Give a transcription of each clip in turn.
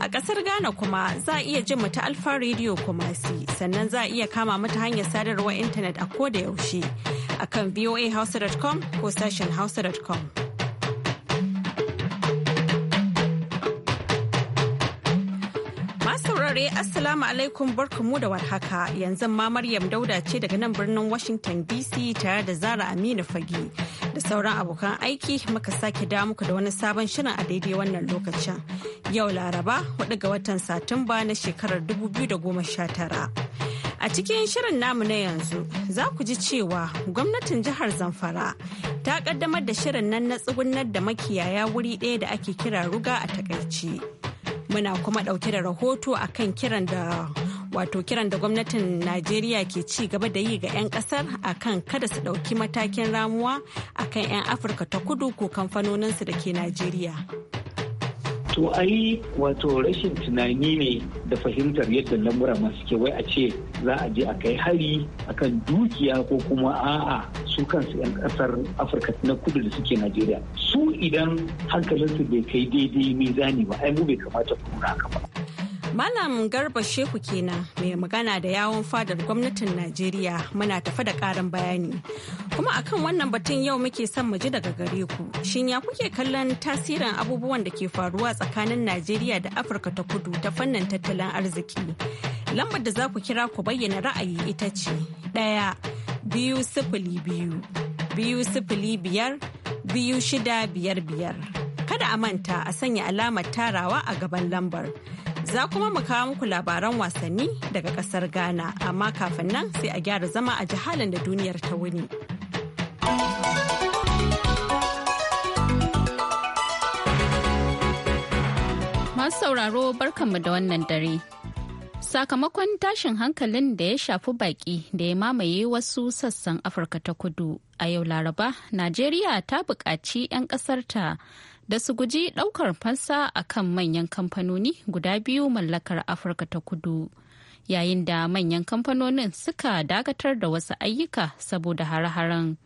A ƙasar Ghana kuma za a iya jin mata ta Alfa Radio Kumasi sannan za a iya kama mata hanyar sadarwar intanet a ko da yaushe akan voahouse.com ko sashen hausa.com. saurare Assalamu alaikum barkamu da warhaka yanzu ma Maryam Dauda ce daga nan birnin Washington DC tare da Zara Aminu Fagi da sauran abokan aiki muka sake da muku da wani sabon shirin a daidai wannan lokacin. Yau Laraba hudu ga watan Satumba na shekarar 2019. A cikin shirin namu na yanzu za ku ji cewa gwamnatin jihar Zamfara ta kaddamar da shirin nan na tsugunar da makiyaya wuri ɗaya da ake kira ruga a takaice. muna kuma ɗauke da rahoto akan kiran da wato kiran da gwamnatin najeriya ke ci gaba da yi ga 'yan kasar akan kada su ɗauki matakin ramuwa akan 'yan afirka ta kudu ko kamfanoninsu da ke najeriya to ai wato rashin tunani ne da fahimtar yadda lamura masu wai a ce za a je a kai hari a kan dukiya ko kuma a'a su kansu 'yan kasar afirka na kudu da suke najeriya su idan hankalinsu bai kai daidai mizani ba ai mu bai kamata ku nuna haka ba Malam Garba Shehu kenan mai magana da yawon fadar gwamnatin Najeriya muna tafa da karin bayani. Kuma akan wannan batun yau muke son mu ji daga gare ku. Shin ya kuke kallon tasirin abubuwan da ke faruwa tsakanin Najeriya da Afirka ta kudu ta fannin tattalin arziki? Lambar da za ku kira ku bayyana ra'ayi ita ce ɗaya biyu sifili biyu biyu sifili biyar biyu shida biyar biyar. Kada a manta a sanya alamar tarawa a gaban lambar. Za kuma mu kawo muku labaran wasanni daga kasar Ghana, amma kafin nan sai a gyara zama a jihalin da duniyar ta wuni. Masu sauraro barkanmu da wannan dare. Sakamakon tashin hankalin da ya shafi baki da ya mamaye wasu sassan Afirka ta kudu a yau Laraba, Najeriya ta buƙaci 'yan ƙasarta da su guji ɗaukar fansa a kan manyan kamfanoni guda biyu mallakar afirka ta kudu yayin da manyan kamfanonin suka dakatar da wasu ayyuka saboda hare-haren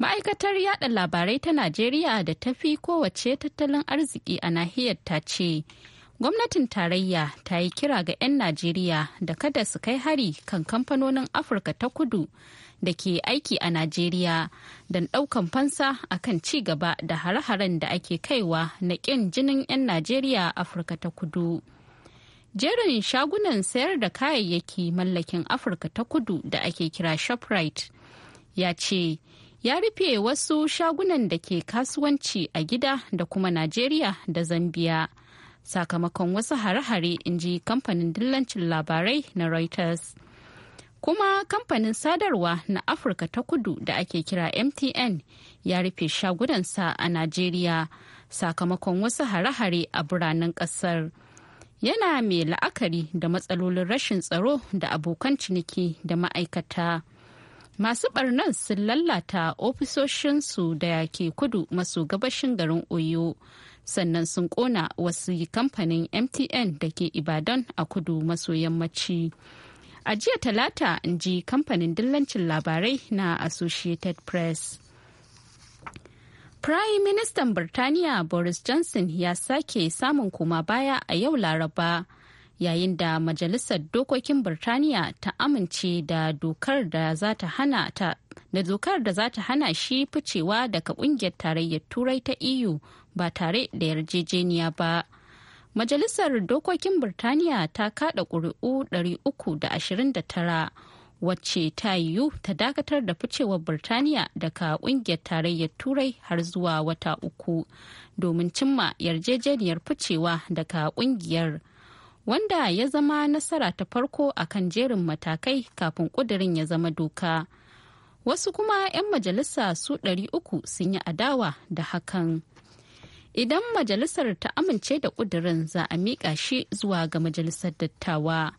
ma'aikatar yada labarai ta najeriya da ta fi kowace tattalin arziki a nahiyar ta ce gwamnatin tarayya ta yi kira ga 'yan najeriya da kada su kai hari kan kamfanonin afirka ta kudu da ke aiki a Najeriya don ɗaukan fansa a kan gaba da hare-haren da ake kaiwa na ƙin jinin 'yan Najeriya Afirka ta kudu. Jerin shagunan sayar da kayayyaki mallakin Afirka ta kudu da ake kira Shoprite ya ce ya rufe wasu shagunan da ke kasuwanci a gida da kuma Najeriya da Zambiya. Sakamakon wasu hare-hare in ji kamfanin dillancin labarai na Reuters. kuma kamfanin sadarwa na afirka ta kudu da ake kira mtn ya rufe shagunansa a najeriya sakamakon wasu hare-hare a biranen kasar yana mai la'akari da matsalolin rashin tsaro da abokan ciniki da ma'aikata masu barnan sun lallata ofisoshinsu da ke kudu maso gabashin garin oyo sannan sun kona wasu kamfanin mtn da ke ibadan a kudu maso yammaci a jiya talata in ji kamfanin dillancin labarai na associated press Prime Ministan Birtaniya Boris Johnson ya sake samun kuma baya a yau Laraba yayin da Majalisar Dokokin Birtaniya ta amince da dokar da za ta hana ta da dokar da za ta hana shi ficewa daga kungiyar tarayyar Turai ta EU ba tare da yarjejeniya ba Majalisar Dokokin Birtaniya ta kada ƙuri'u 329 wacce ta yiwu ta dakatar da ficewar Birtaniya daga ƙungiyar tarayyar Turai har zuwa wata uku domin cimma yarjejeniyar ficewa daga ƙungiyar. Wanda ya zama nasara ta farko a kan jerin matakai kafin ƙudurin ya zama doka. Wasu kuma 'yan majalisa su 300 sun yi adawa da hakan. Idan majalisar ta amince da kudirin za a miƙa shi zuwa ga majalisar dattawa.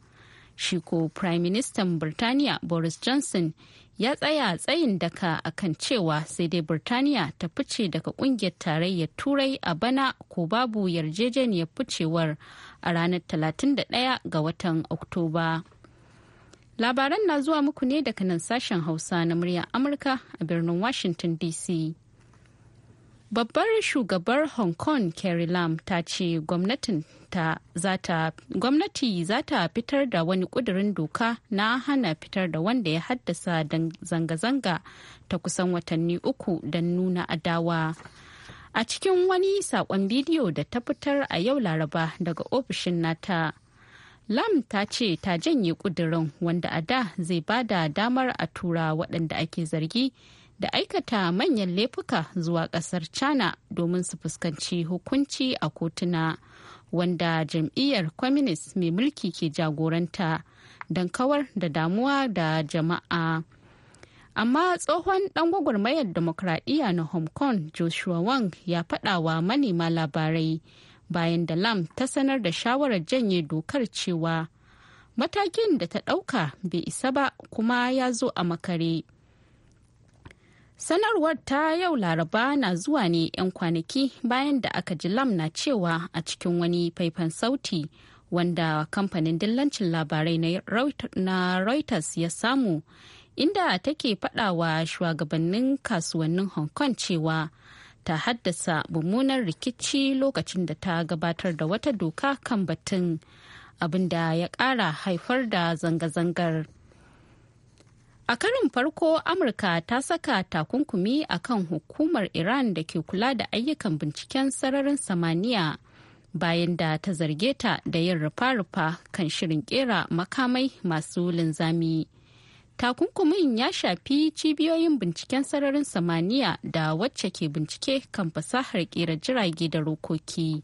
Shi ko Prime Minister Birtaniya Boris Johnson ya tsaya tsayin daka akan cewa sai dai Birtaniya ta fice daga kungiyar tarayyar Turai a bana ko babu yarjejeniyar ficewar a ranar 31 ga watan Oktoba. Labaran na zuwa muku ne daga nan sashen Hausa na muryar Amurka a birnin Washington DC. Babbar shugabar Hong Kong Carrie Lam ta ce gwamnati za ta fitar da wani kudirin doka na hana fitar da wanda ya haddasa zanga-zanga ta kusan watanni uku don nuna adawa. A cikin wani saƙon bidiyo da ta fitar a yau Laraba daga ofishin nata. Lam ta ce ta janye kudirin wanda a da zai bada damar a tura waɗanda ake zargi da aikata manyan laifuka zuwa kasar china domin su fuskanci hukunci a kotuna wanda jam'iyyar communist mai mulki ke jagoranta don kawar da damuwa da jama'a amma tsohon dan gwagwarmayar demokradiyya na hong kong joshua wang ya fada wa manema labarai bayan da lam ta sanar da shawarar janye dokar cewa matakin da ta dauka bai isa ba kuma ya zo a makare. Sanarwar ta yau Laraba na zuwa ne 'yan kwanaki bayan da aka ji Lam na cewa a cikin wani faifan sauti wanda kamfanin dillancin labarai na Reuters ya samu inda take faɗawa shugabannin kasuwannin Hong Kong cewa ta haddasa mummunan rikici lokacin da ta gabatar da wata doka kan batun abin da ya ƙara haifar da zanga-zangar. A karin farko Amurka ta saka takunkumi a kan hukumar Iran da ke kula da ayyukan binciken sararin samaniya bayan da ta zarge ta da yin rufa-rufa kan shirin kera makamai masu linzami. Takunkumin ya shafi cibiyoyin binciken sararin samaniya da wacce ke bincike kan fasahar kera jirage da rokoki.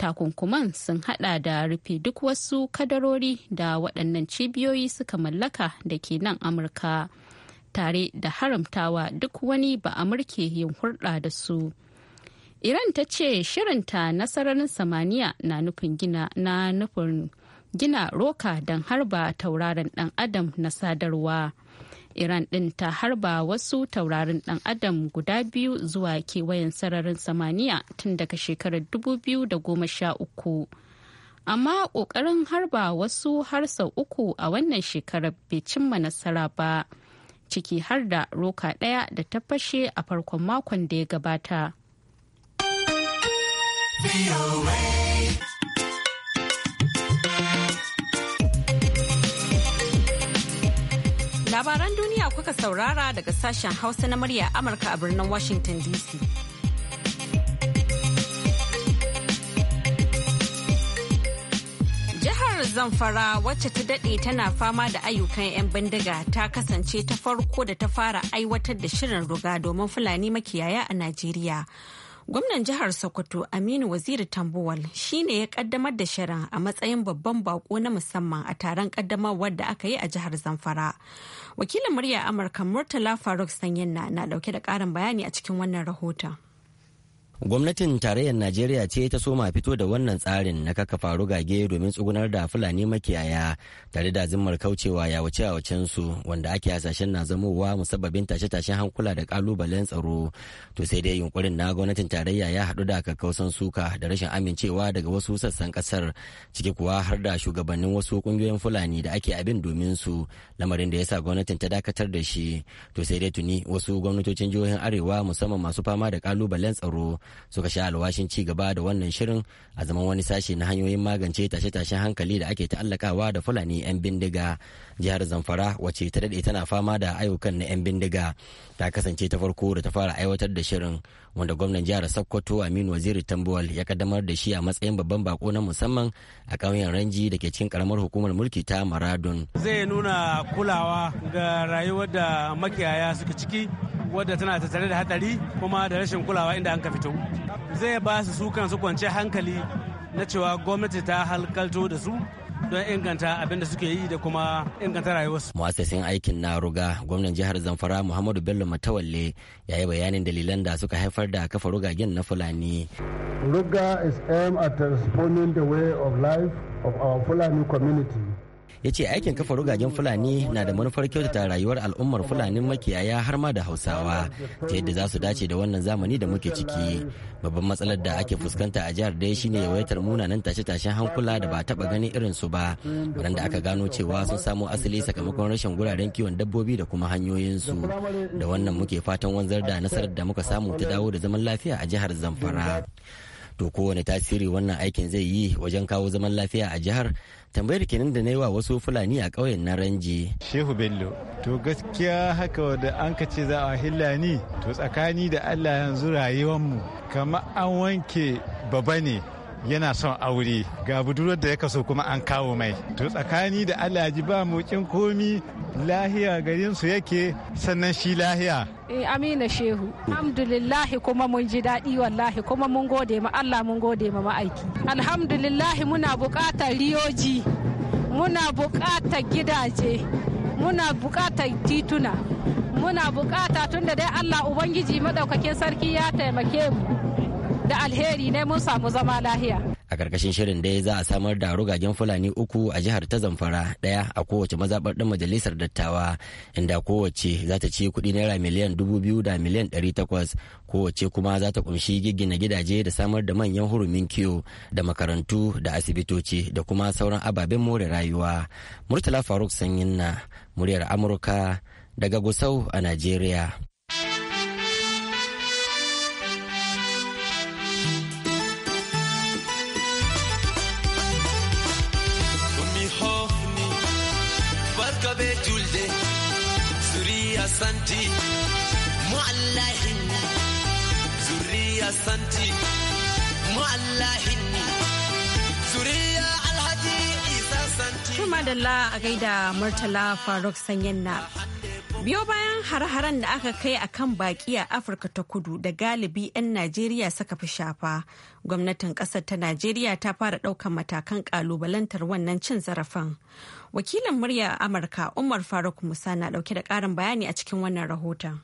takunkuman sun hada da rufe duk wasu kadarori da waɗannan cibiyoyi suka mallaka da ke nan amurka tare da haramtawa duk wani ba amurke yin hulɗa da su iran ta ce shirinta na sararin samaniya na nufin gina na nufin gina roka don harba tauraron dan adam na sadarwa Iran ɗin ta harba wasu taurarin ɗan adam guda biyu zuwa kewayen sararin samaniya tun daga shekarar 2013. Amma ƙoƙarin harba wasu har sau uku a wannan shekarar bai cimma nasara ba, ciki har da roka ɗaya da ta fashe a farkon makon da ya gabata. Labaran duniya kuka saurara daga sashen Hausa na murya Amurka a birnin Washington DC. Jihar Zamfara wacce ta dade tana fama da ayyukan 'yan bindiga ta kasance ta farko da ta fara aiwatar da shirin ruga domin Fulani makiyaya a Najeriya. Gwamnan jihar Sokoto Aminu Waziri Tambuwal shi ne ya kaddamar da shirin a matsayin babban bako na musamman a taron kaddamarwar da aka yi a jihar Zamfara. Wakilin murya Amurka Murtala Faruk Sanyin na dauke da karin bayani a cikin wannan rahoton. gwamnatin tarayyar najeriya ce ta soma fito da wannan tsarin na kaka faru gage domin tsugunar da fulani makiyaya tare da zimmar kaucewa ya yawace yawacen su wanda ake hasashen na zamowa musabbabin tashe-tashen hankula da kalubalen tsaro to sai dai yunkurin na gwamnatin tarayya ya haɗu da kakkausan suka da rashin amincewa daga wasu sassan kasar ciki kuwa har da shugabannin wasu kungiyoyin fulani da ake abin domin su lamarin da yasa gwamnatin ta dakatar da shi to sai dai tuni wasu gwamnatocin jihohin arewa musamman masu fama da kalubalen tsaro suka sha alwashin ci gaba da wannan shirin a zaman wani sashe na hanyoyin magance tashe-tashen hankali da ake ta'allakawa da fulani 'yan bindiga jihar zamfara wacce ta daɗe tana fama da ayyukan na 'yan bindiga ta kasance ta farko da ta fara aiwatar da shirin wanda gwamnan jihar sokoto aminu waziri tambuwal ya kaddamar da shi a matsayin babban bako na musamman a ƙauyen ranji da ke cikin karamar hukumar mulki ta maradun zai nuna kulawa ga rayuwar da makiyaya suka ciki wadda tana tattare da hatsari kuma da rashin kulawa inda an ka fito zai ba su su kansu kwance hankali na cewa gwamnati ta halkalto da su don inganta abin da suke yi da kuma inganta rayuwarsu. Muassasin aikin na ruga gwamnan jihar Zamfara Muhammadu Bello Matawalle ya yi bayanin dalilan da suka haifar da kafa rugagen na Fulani. Ruga is aimed at responding the way of life of our Fulani community ya ce aikin kafa rugagen fulani na da manufar kyautata rayuwar al'ummar fulanin makiyaya har ma da hausawa ta yadda za su dace da wannan zamani da muke ciki babban matsalar da ake fuskanta a jihar dai shine yawaitar munanan tashe-tashen hankula da ba taba ganin irin su ba waɗanda aka gano cewa sun samo asali sakamakon rashin guraren kiwon dabbobi da kuma hanyoyin su da wannan muke fatan wanzar da nasarar da muka samu ta dawo da zaman lafiya a jihar zamfara to kowane tasiri wannan aikin zai yi wajen kawo zaman lafiya a jihar tambayar kenan da na yi wa wasu fulani a ƙauyen na ranji shehu bello to gaskiya haka wadda an ka ce za a hila hillani to tsakani da allah yanzu rayuwar mu kama an wanke baba ne yana son aure ga budurwar da ya kaso kuma an kawo mai to tsakani da alhaji ba mokin komi lahiya garin su yake sannan shi lahiya eh, amina shehu alhamdulillahi kuma mun ji daɗi wallahi kuma mun gode ma allah mun gode ma ma'aiki alhamdulillahi muna buƙatar riyoji muna buƙatar gidaje muna buƙatar tituna muna buƙata tunda dai allah ubangiji madaukakin sarki ya taimake mu da alheri ne mun samu zama lahiya. A ƙarƙashin shirin dai za a samar da rugagen Fulani uku a jihar ta Zamfara ɗaya a kowace mazaɓar ɗan majalisar dattawa inda kowace za ta ci kuɗi naira miliyan dubu biyu da miliyan ɗari takwas kowace kuma za ta ƙunshi giggina gidaje da samar da manyan hurumin kiwo da makarantu da asibitoci da kuma sauran ababen more rayuwa. Murtala Faruk Sanyin na muryar Amurka daga Gusau a Najeriya. santi a gaida murtala faruk sanyin biyo bayan hare-haren da aka kai a kan baki a afirka ta kudu da galibi 'yan najeriya suka fi shafa gwamnatin ƙasar ta najeriya ta fara ɗaukar matakan ƙalubalantar wannan cin zarafin wakilin murya amurka umar faruk musa na ɗauke da ƙarin bayani a cikin wannan rahoton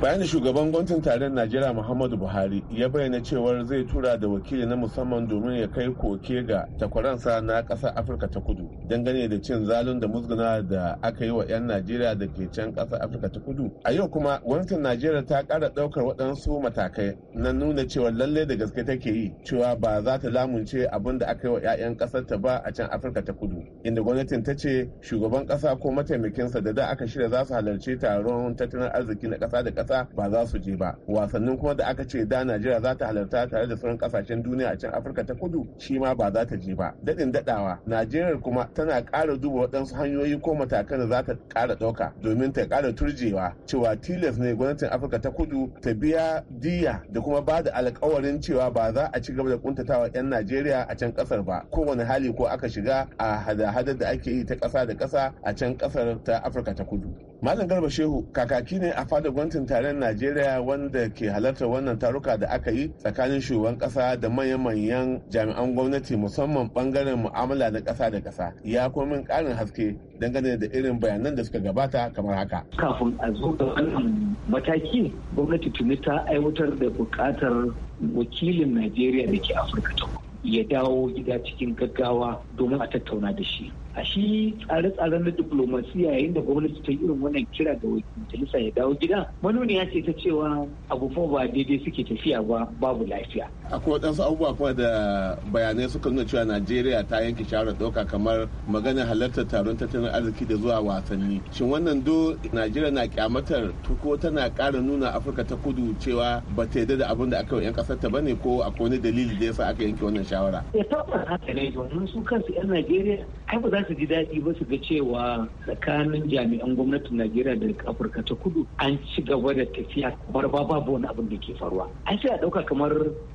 bayan shugaban gwamnatin tarayyar najeriya muhammadu buhari ya bayyana cewar zai tura da wakili na musamman domin ya kai koke ga takwaransa na ƙasar afirka ta kudu dangane da cin zalun da musguna da aka yi wa 'yan najeriya da ke can ƙasar afirka ta kudu a yau kuma gwamnatin najeriya ta kara ɗaukar waɗansu matakai na nuna cewa lallai da gaske take yi cewa ba za ta lamunce abin da aka yi wa 'ya'yan ƙasar ta ba a can afirka ta kudu inda gwamnatin ta ce shugaban ƙasa ko mataimakinsa da da aka shirya za su halarci taron tattalin arziki na ƙasa da ƙasa kasa ba za su je ba wasannin kuma da aka ce da najeriya za ta halarta tare da sauran kasashen duniya a can afirka ta kudu shi ma ba za ta je ba daɗin daɗawa najeriya kuma tana kara duba waɗansu hanyoyi ko matakan da za ta ƙara ɗauka domin ta ƙara turjewa cewa tilas ne gwamnatin afirka ta kudu ta biya diya da kuma ba da alkawarin cewa ba za a ci gaba da kuntatawa 'yan najeriya a can kasar ba kowane hali ko aka shiga a hada-hadar da ake yi ta kasa da kasa a can ƙasar ta afirka ta kudu Malam Garba Shehu kakaki ne a fadar gwamnatin tarayyar Najeriya wanda ke halartar wannan taruka da aka yi tsakanin shugaban kasa da manyan jami'an gwamnati musamman bangaren mu'amala na kasa da kasa. Ya min karin haske dangane da irin bayanan da suka gabata kamar haka. Kafin a zo ga wannan mataki gwamnati tuni ta aiwatar da bukatar wakilin Najeriya da ke Afirka ta ya dawo gida cikin gaggawa domin a tattauna da shi. a shi tsare-tsaren na diplomasiya yayin da gwamnati ta yi irin wannan kira ga majalisa ya dawo gida ya ce ta cewa abu ba daidai suke tafiya ba babu lafiya akwai waɗansu abubuwa kuma da bayanai suka nuna cewa najeriya ta yanke shawarar ɗauka kamar maganar halartar taron tattalin arziki da zuwa wasanni shin wannan do najeriya na kyamatar ko tana ƙara nuna afirka ta kudu cewa ba ta yarda da abin da aka yi 'yan ƙasar ta ne ko akwai wani dalili da yasa aka yanke wannan shawara ya tabbata haka ne domin su kansu 'yan najeriya su ji daɗi ba su ga cewa tsakanin jami'an gwamnatin Najeriya da Afirka ta kudu an ci gaba da tafiya kamar ba babu wani abin da ke faruwa. An sai a ɗauka kamar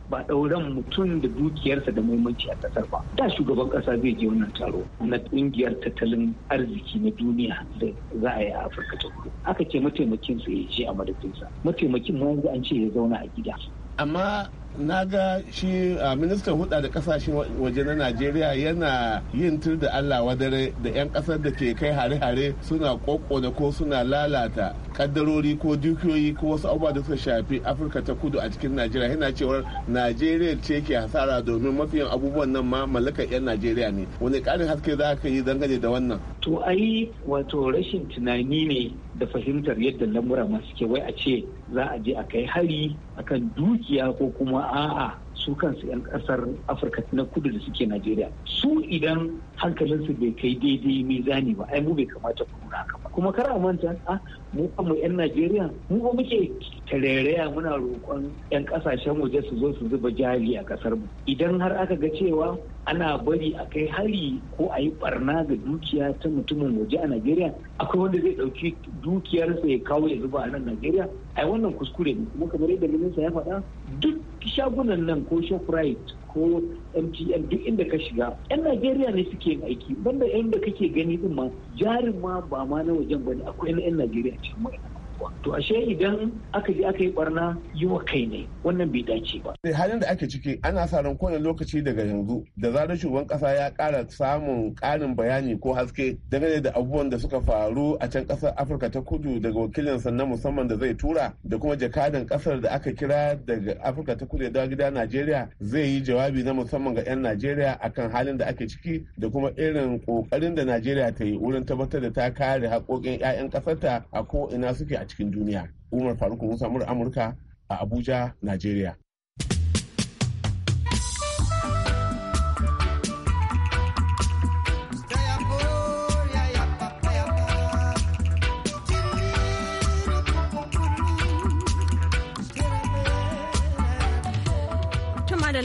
ba ɗauran mutum da dukiyarsa da muhimmanci a ƙasar ba. Da shugaban ƙasa zai je wannan taro na ƙungiyar tattalin arziki na duniya da za a yi a Afirka ta kudu. Aka ce mataimakin su ya je a madadinsa. Mataimakin ma yanzu an ce ya zauna a gida. Amma na ga shi a ministan hudu da kasashen waje na najeriya yana yin tur da allah wadare da 'yan kasar da ke kai hare-hare suna kokona ko suna lalata kaddarori ko dukiyoyi ko wasu abubuwa da suka shafi afirka ta kudu a cikin najeriya yana cewar najeriya ce ke hasara domin mafiyan abubuwan nan ma mallakar 'yan najeriya ne wani karin haske za ka yi dangane da wannan to ai wato rashin tunani ne da fahimtar yadda lamura masu ke wai a ce za a je a kai hari akan dukiya ko kuma a'a su kansu 'yan kasar afirka na kudu da suke najeriya su idan hankalinsu bai kai daidai mizani ba ai mu bai kamata ku nuna haka ba kuma kar a manta a mu kuma 'yan najeriya mu ba muke tarairaya muna roƙon 'yan kasashen waje su zo su zuba jari a kasar mu idan har aka ga cewa ana bari a kai hari ko a yi barna ga dukiya ta mutumin waje a Najeriya akwai wanda zai ɗauki dukiyarsa ya kawo ya zuba a nan Najeriya ai wannan kuskure ne kuma kamar yadda minista ya faɗa duk shagunan nan ko Shoprite ko MTN duk inda ka shiga yan Najeriya ne suke aiki banda yanda kake gani din ma jarin ma ba ma na wajen bane akwai na yan Najeriya cikin kuwa to ashe idan aka je aka yi barna yi wa kai ne wannan bai dace ba eh, halin da ake ciki ana sa ran kowane lokaci daga yanzu da zarar shugaban kasa ya kara samun karin bayani ko haske dangane da abubuwan da suka faru a can kasar afirka ta kudu daga wakilin sa na musamman da zai tura da kuma jakadan kasar da aka kira daga afirka ta kudu ya gida najeriya zai yi jawabi na musamman ga 'yan najeriya akan halin da ake ciki da kuma irin kokarin da najeriya ta yi wurin tabbatar da ta kare haƙoƙin 'ya'yan ƙasarta a ko ina suke a a cikin duniya umar faruk musa amurka a abuja najeriya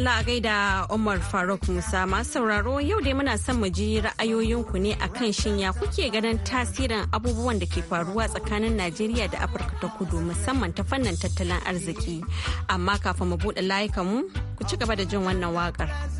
madalla a gaida Umar Faruk Musa masu sauraro yau dai muna son mu ji ra'ayoyinku ne akan shinya kuke ganin tasirin abubuwan da ke faruwa tsakanin Najeriya da Afirka ta kudu musamman ta fannin tattalin arziki. Amma kafin mu buɗe layukan mu ku ci gaba da jin wannan waƙar.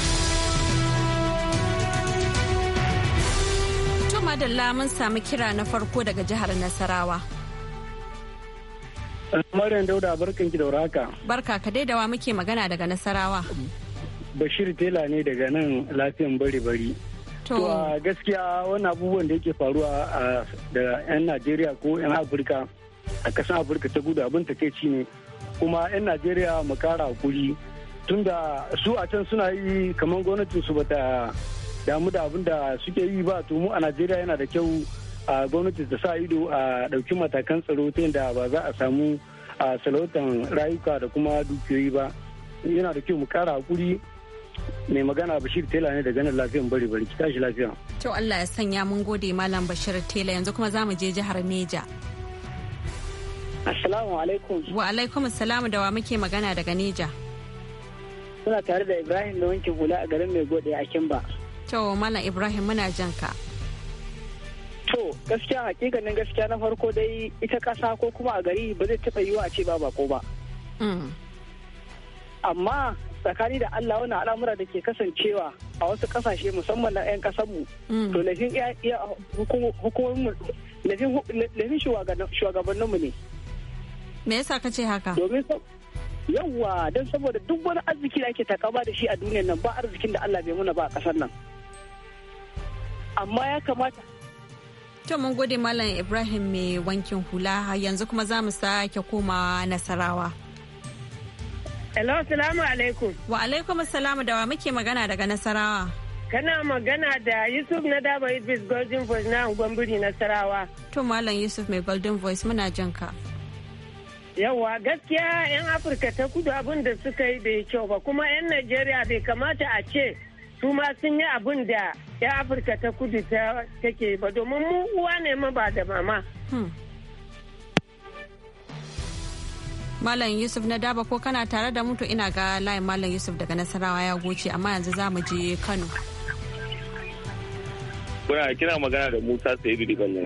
adalla mun samu kira na farko daga jihar Nasarawa. Maryam Dauda barkan ki da warhaka. Barka ka dai dawa muke magana daga Nasarawa. Bashir Tela ne daga nan lafiyan bari bari. To gaskiya wani abubuwan da yake faruwa da 'yan Najeriya ko 'yan Afirka a kasan Afirka ta gudu abin ta ci ne kuma 'yan Najeriya mu kara hakuri tunda su a can suna yi kamar gwamnatin su bata damu da abin da suke yi ba to mu a najeriya yana da kyau a gwamnati ta sa ido a ɗauki matakan tsaro ta yadda ba za a samu a salautan rayuka da kuma dukiyoyi ba yana da kyau mu kara hakuri mai magana bashir tela ne da ganin lafiyan bari bari ki tashi lafiya to Allah ya sanya mun gode malam bashir tela yanzu kuma zamu je jihar Neja assalamu alaikum wa alaikum assalamu da wa muke magana daga Neja suna tare da Ibrahim da wankin hula a garin Mai Gode a Kimba To Malam Ibrahim muna jan ka. To gaskiya hakikanin gaskiya na farko dai ita kasa ko kuma a gari ba zai taɓa yiwa a ce ba bako ba. Mm. Amma tsakani da Allah wani al'amura da ke kasancewa a wasu kasashe musamman na 'yan kasanmu mm. to lafin lafin shugabanninmu ne. Me yasa ka ce haka? Domin yawwa don saboda duk wani arziki da ake takama da shi a duniyar nan ba arzikin da Allah bai muna ba a kasar nan. amma ya kamata To mun gode Malam Ibrahim mai wankin hula yanzu kuma za mu sake komawa Nasarawa. Hello, salamu alaikum. Wa alaikum salamu da wa muke magana daga Nasarawa. Kana magana da Yusuf na daba Idris Golden Voice na Gwamburi Nasarawa. To Malam Yusuf mai Golden Voice muna jin ka. Yawwa gaskiya 'yan Afirka ta kudu abin da suka yi bai kyau ba kuma 'yan Najeriya bai kamata a ce su ma sun yi abin da ya afirka ta kudu ta take ba domin mu uwa ne ma ba da mama hmm. Malam Yusuf na daba ko kana tare da mutu ina ga layin Malam Yusuf daga Nasarawa ya goce amma yanzu za mu je Kano. Kuna kina magana da Musa Sa'idu daga nan.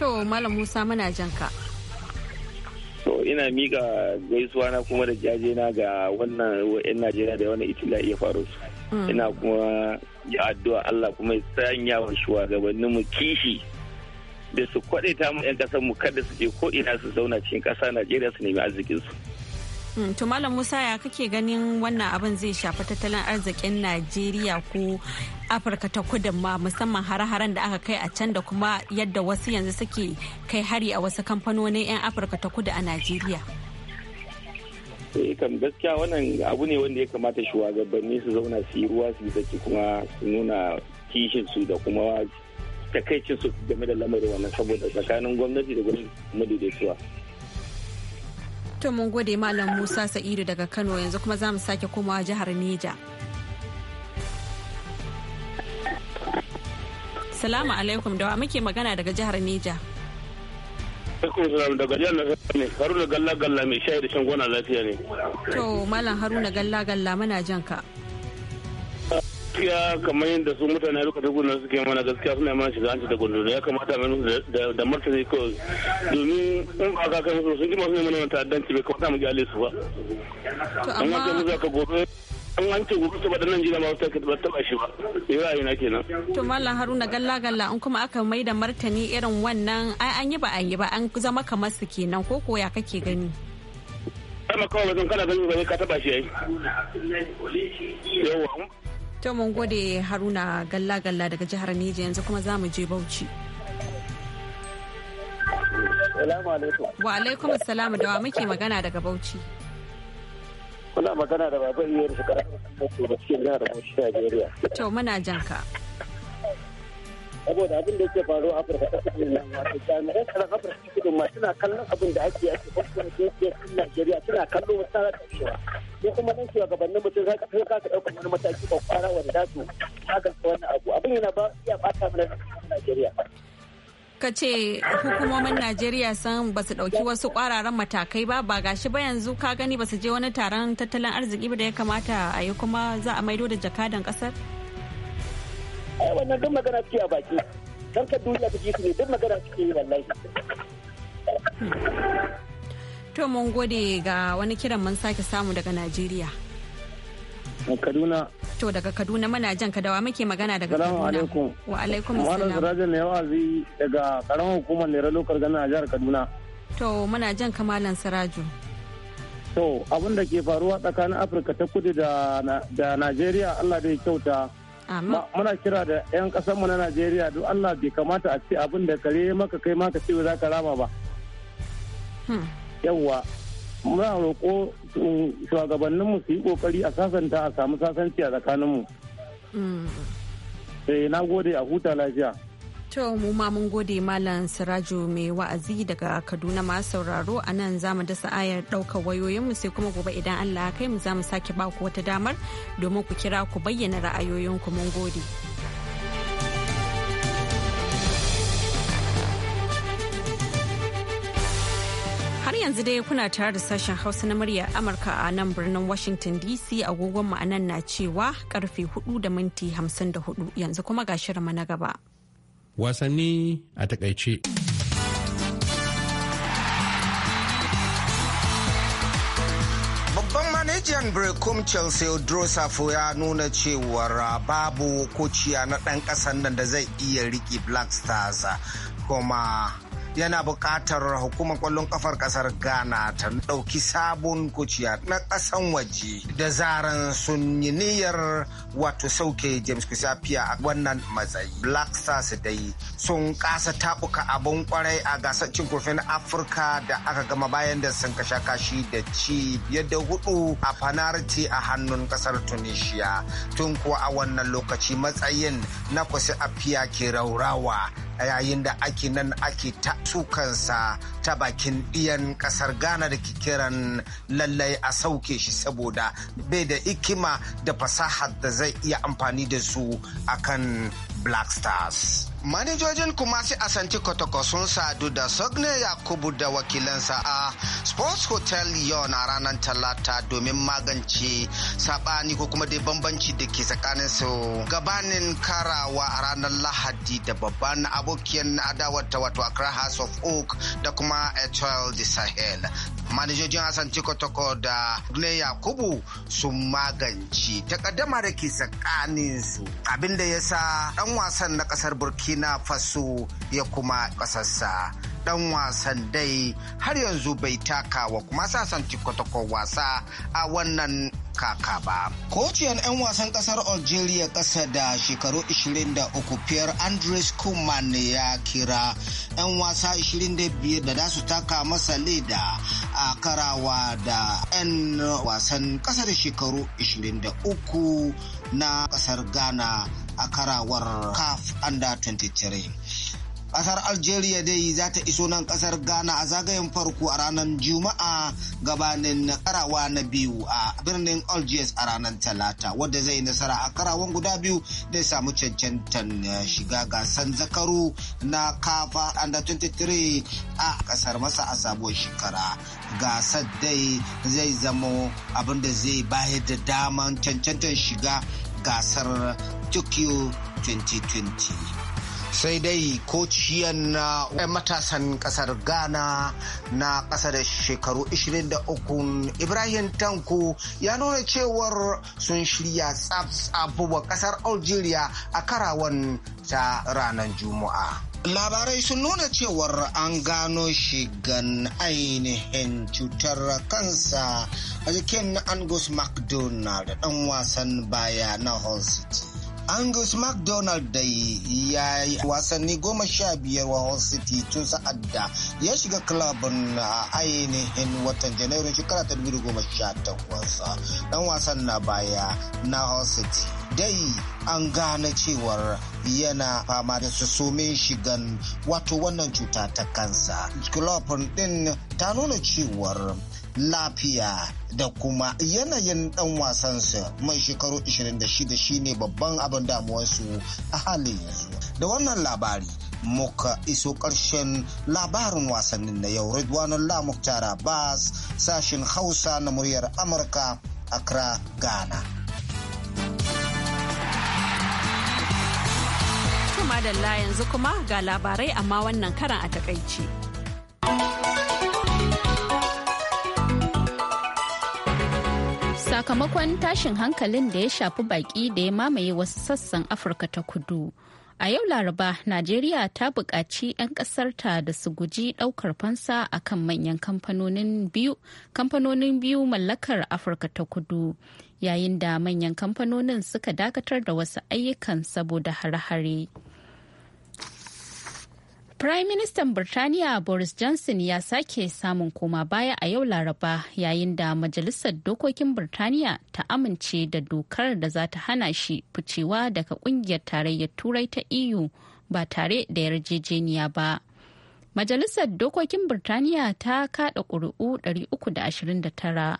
To Malam Musa muna jan ka. To ina miƙa gaisuwa na kuma da jaje na ga wannan yan Najeriya da wannan itila iya faru su. Mm. ina kuma ya addu'a Allah kuma ya sanya wa shugabannin mu kishi da su kwadaita mu yan kasar mu kada su je ko ina su zauna cikin kasa Najeriya su nemi arzikin su mm, to malam Musa ya kake ganin wannan abin zai shafi tattalin arzikin Najeriya ko Afirka ta kudu ma musamman hare-haren da aka kai a can da kuma yadda wasu yanzu suke kai hari a wasu kamfanonin 'yan Afirka ta kudu a Najeriya. sai eh, kan gaskiya wannan abu ne wanda ya kamata shugabanni su zauna su yi ruwa su yi kuma su nuna kishin su da kuma takaicin su game da lamarin wannan saboda tsakanin gwamnati da gwamnati madaidaituwa. To mun gode Malam Musa Sa'idu daga Kano yanzu kuma za mu sake komawa jihar Neja. Salamu alaikum da muke magana daga jihar Neja. Alaikum salam daga jihar Nasarawa ne Haruna Galla Galla mai shayi da shan gona lafiya ne. To Malam Haruna Galla Galla mana jan ka. gaskiya kamar yadda su mutane duka dugunan suke mana gaskiya suna mana shiga hanci da gundu ya kamata mai da martani kawai domin in ba ka kai musu sun ji masu neman ta'addanci bai kamata mu ji alisu ba. To amma. Amma gobe an wanke gobe saboda nan jina ba ta ba taba shi ba ni ra'ayi na kenan to mallam haruna galla galla an kuma aka mai da martani irin wannan ai an yi ba an yi ba an zama kamar su kenan ko ko ya kake gani sama kawai wajen kana gani ba ka taba shi ai yawa to mun gode haruna galla galla daga jihar Neja yanzu kuma za mu je Bauchi Wa alaikum salamu da wa muke magana daga Bauchi. muna magana da baba iya su kara da cikin jihar Bauchi Najeriya to muna jan ka saboda abin da yake faruwa Afirka ta kudu nan wato jami'an tsaron Afirka ta kudu ma suna kallon abin da ake ake bakin da yake cikin Najeriya suna kallon wasu tsara kashewa ko kuma dan shugabannin mutum za ka sai ka ɗauka wani mataki ba kwara wanda za su magance wannan abu abin yana ba ka ce hukumomin najeriya san ba su ɗauki wasu ƙwararan matakai ba ba gashi ba yanzu ka gani ba su je wani taron tattalin arziki ba da ya kamata a yi kuma za a maido da jakadan ƙasar? ai wannan duk magana ce a baki don ka duniya ta ji su ne duk magana suke yi wallahi to mun gode ga wani kiran mun sake samu daga najeriya Kaduna. To daga Kaduna muna jan ka dawa muke magana daga Kaduna. Salamu alaikum. Wa alaikum salam. Malam Sirajan ne zai daga karamar hukumar Nera Lokar Gana a jihar Kaduna. To muna jan ka Malam Siraju. To abin da ke faruwa tsakanin Afirka ta kudu da Najeriya Allah da ya kyauta. Muna kira da 'yan mu na Najeriya duk Allah bai kamata a ce abin da kare maka kai maka ce za ka rama ba. Hmm. Yawwa muna roƙo shugabanninmu su yi ƙoƙari a sasanta a samu sasanci a tsakaninmu. Mm. Eh na gode a huta lafiya. To mu ma mun gode Malam Sirajo mai wa'azi daga Kaduna ma sauraro a nan za mu dasa ayar ɗaukar wayoyinmu sai kuma gobe idan Allah kai mu za mu sake ba ku wata damar domin ku kira ku bayyana ra'ayoyinku mun gode. yanzu dai kuna tare da sashen Hausa na murya Amurka a nan birnin Washington DC agogon mu na cewa karfe 4 da minti 54 yanzu kuma ga shirma na gaba. Wasanni a takaice. Manajan Brecum Chelsea Drosafo ya nuna cewar babu kociya na ɗan ƙasan nan da zai iya riki Black Stars kuma yana buƙatar hukumar kwallon ƙafar ƙasar ghana ta ɗauki sabon kuciya na ƙasan waje da zaran sun yi niyyar wato sauke james kusafiya a wannan matsayi black stars dai sun ƙasa taɓuka abin ƙwarai a gasar cin kofin afirka da aka gama bayan da sun kasha kashi da ci yadda da hudu a fanarti a hannun ƙasar tunisia tun kuwa a wannan lokaci matsayin na kusa afiya ke raurawa a yayin da ake nan ake ta tukansa ta bakin iyan kasar ghana da ke kiran lallai a sauke shi saboda bai da ikima da fasahar da zai iya amfani da su akan black stars manajojin kuma sai asanti kotoko sun sadu da sogne yakubu da wakilansa a sports hotel yon a ranar talata domin magance sabani ko kuma dai bambanci da ke tsakanin su gabanin karawa a ranar lahadi da babban abokiyar adawar ta wato accra house of oak da kuma etoile de sahel manajojin hassan cikotoko da ne yakubu sun magance takaddama da ke tsakaninsu abinda ya sa dan wasan na kasar burkina faso ya kuma kasarsa dan wasan dai har yanzu bai taka wa kuma sasan tikotoko wasa a wannan kaka ba. Kociyar 'yan wasan kasar Algeria kasa da shekaru 23 fiyar Andres Kuman ya kira 'yan wasa 25 da su taka masa leda a karawa da 'yan wasan kasar shekaru 23 na kasar Ghana a karawar CAF under 23. kasar algeria dai za ta iso nan kasar ghana a zagayen farko a ranar juma'a gabanin karawa na biyu a birnin algiers a ranar talata wadda zai nasara a karawan guda biyu da samu cancantan eh, shiga gasan zakaru na kafa under 23 a kasar masa a sabuwar shekara gasar dai zai zamo abinda zai bayar da daman cancantan shiga gasar tokyo 2020 sai dai kociyar na matasan kasar ghana na kasa da shekaru 23 ibrahim tanko ya nuna cewar sun shirya tsabuwa kasar algeria a karawan ta ranar juma'a labarai sun nuna cewar an gano shigan ainihin cutar kansa a jikin angus mcdonald dan wasan baya na hull city Angus MacDonald dai ya yi wasanni goma sha biyar wa Hull City tun sa'adda. ya shiga kilabin a ainihin watan Janairu shekara ta goma sha takwas. Dan wasan na baya na Hull City dai an gane cewar yana fama da some shigan wato wannan cuta ta kansa. Kilabin din ta nuna cewar lafiya da kuma yanayin dan wasansa mai shekaru 26 shine babban abin damuwarsu a halin yanzu da wannan labari muka iso ƙarshen labarin wasannin na yau Ridwanan Lamuktara Bas sashin Hausa na muryar Amurka Accra, Ghana. Tumadalla yanzu kuma ga labarai amma wannan karan a takaici. sakamakon tashin hankalin da ya shafi baƙi da ya mamaye wasu sassan Afirka ta kudu. A yau Laraba, Najeriya ta buƙaci 'yan ƙasarta da su guji ɗaukar fansa a kan manyan kamfanonin biyu, kamfanonin biyu mallakar Afirka ta kudu, yayin da manyan kamfanonin suka dakatar da wasu ayyukan saboda hare-hare. Prime Minister Birtaniya Boris Johnson ya sake samun koma baya a yau Laraba yayin da Majalisar Dokokin Birtaniya ta amince da dokar da za ta hana shi ficewa daga kungiyar tarayyar Turai ta EU ba tare da yarjejeniya ba. Majalisar Dokokin Birtaniya ta kada ƙuri'u 329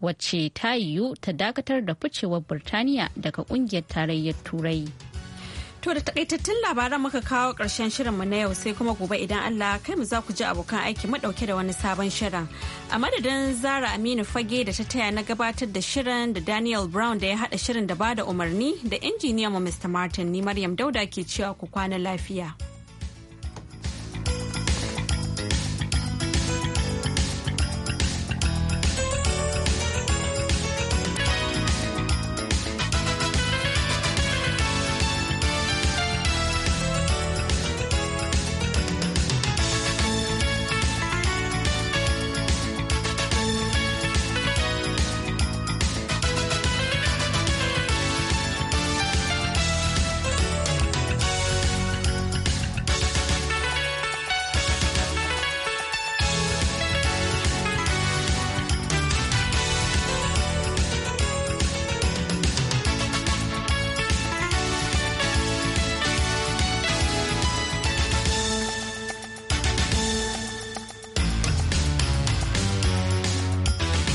wacce ta yiwu ta dakatar da ficewar Birtaniya daga kungiyar tarayyar Turai. To da takaitattun labaran muka kawo ƙarshen mu na yau sai kuma gobe idan Allah kai mu za ku ji abokan aiki madauke da wani sabon shirin. A madadin Zara Aminu Fage da ta taya na gabatar da shirin da Daniel Brown da ya haɗa shirin da bada umarni da injiniyan mu Mr. Martin ni Maryam Dauda ke cewa ku kwana lafiya.